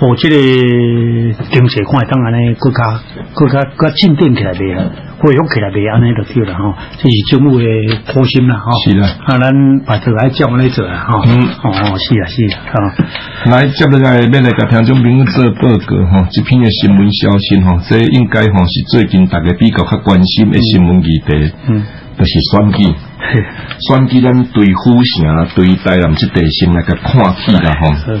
我這裏經濟塊當然咧，更加更加更加整頓起來的，恢復起來的，安尼就對了哈。這是政府嘅決心啦，哈。是啦，啊，咱、哦、把這來叫來做啦，哈、哦。嗯，哦，是啊，是啊。好，來接落來，面來個聽眾朋友第二個哈，這、哦、篇嘅新聞消息哈，這、哦、應該哈、哦、是最近大家比較較關心嘅新聞議題，嗯，就是選舉、嗯。選舉咱對呼聲啊，對台南這地心來個看起啦，哈、嗯。嗯嗯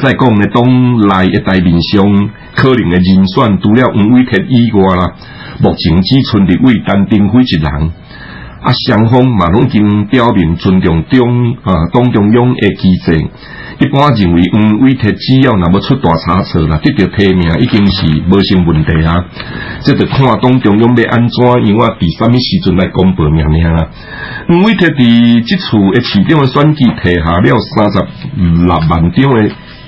再講咧，黨內一大面商可能嘅人選除了吳偉特以外啦，目前只存的為單丁輝一人。啊，雙方嘛攏經表明尊重中啊，黨中央嘅機制。一般認為吳偉特只要若欲出大差錯啦，即、這、到、個、提名已經是無成問題啊。即着看黨中央要安怎，另啊，佇啥物時陣來公布命名啊。吳偉特佇即處嘅市長嘅選舉提下了三十六萬張嘅。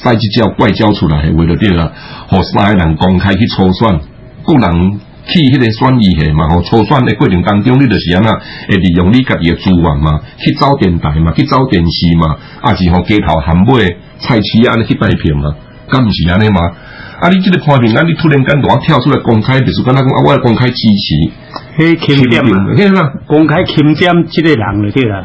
塞只叫怪叫出來，係為了啲啦，學三個人公開去初選，不人去迄個選議係嘛，學初選的過程當中，你就是安尼，會利用你家己嘅資源嘛，去找電台嘛，去找電視嘛，啊是學街頭喊賣、菜市安尼去擺平嘛。咁毋是安尼嘛？啊你這，你即個畫面，那你突然間突然跳出來公開，就是講啊，我要公開支持，欽點啊，公開欽點，即個人嚟啲啦。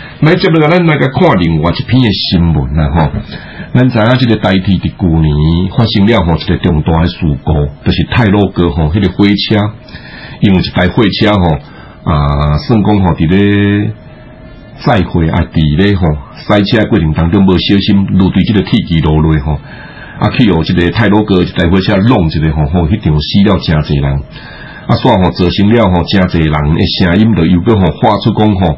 買接邊咧，咱來看另外一篇嘅新聞。咱知影這個代誌佇舊年發生了吼，一個重大嘅事故，就是泰羅哥吼，迄個火車因為一台火車吼啊，算講吼佇咧賽會啊，佇咧吼賽車過程當中無小心入對這個鐵軌落來吼，啊去哦，這個泰羅哥一台火車弄一個吼吼，迄場死了真儕人，啊，煞吼造成了吼真儕人嘅聲音都有個吼發出講吼。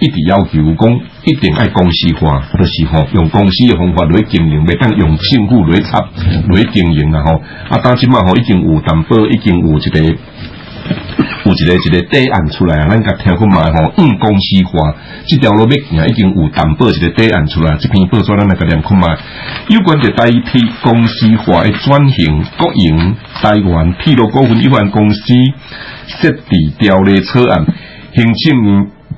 一直要求講，一定愛公司化，就是吼用公司的方法嚟經營，袂用用政府嚟插嚟經營，啊，當今嘛吼已經有淡薄，已經有一個，有一個一個提案出來，咱家聽看嘛吼，嗯，公司化，這條路咪已經有淡薄一個提案出來，這篇報紙咧那個念看嘛，有關嘅台鐵公司化的轉型，國營台灣鐵路股份有限公司設置條例草案，行政。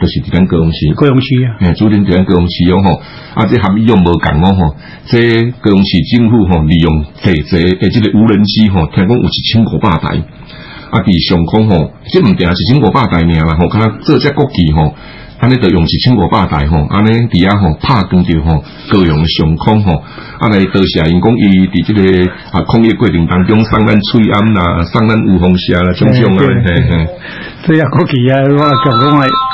就是佇咱高雄市高雄市啊，誒，主啲佇咱高雄市哦，吼，啊，即含義冇近我即高雄市政府吼、哦，利用這這呢個無人機吼、哦，聽講有千五百台，啊，佇、啊、上空吼、哦，即毋定、哦哦、啊，是千五百台爾、哦、啊，吼，佢、哦哦、啊，做國旗吼，安尼著用一千五百台吼，安尼佇遐吼，拍緊住吼，閣用上空嗬，安尼到時因講伊佇即個啊抗疫過程當中送咱翠暗啦，送咱五紅霞啦，種種啊，嘿嘿，即個國旗啊，我講講係。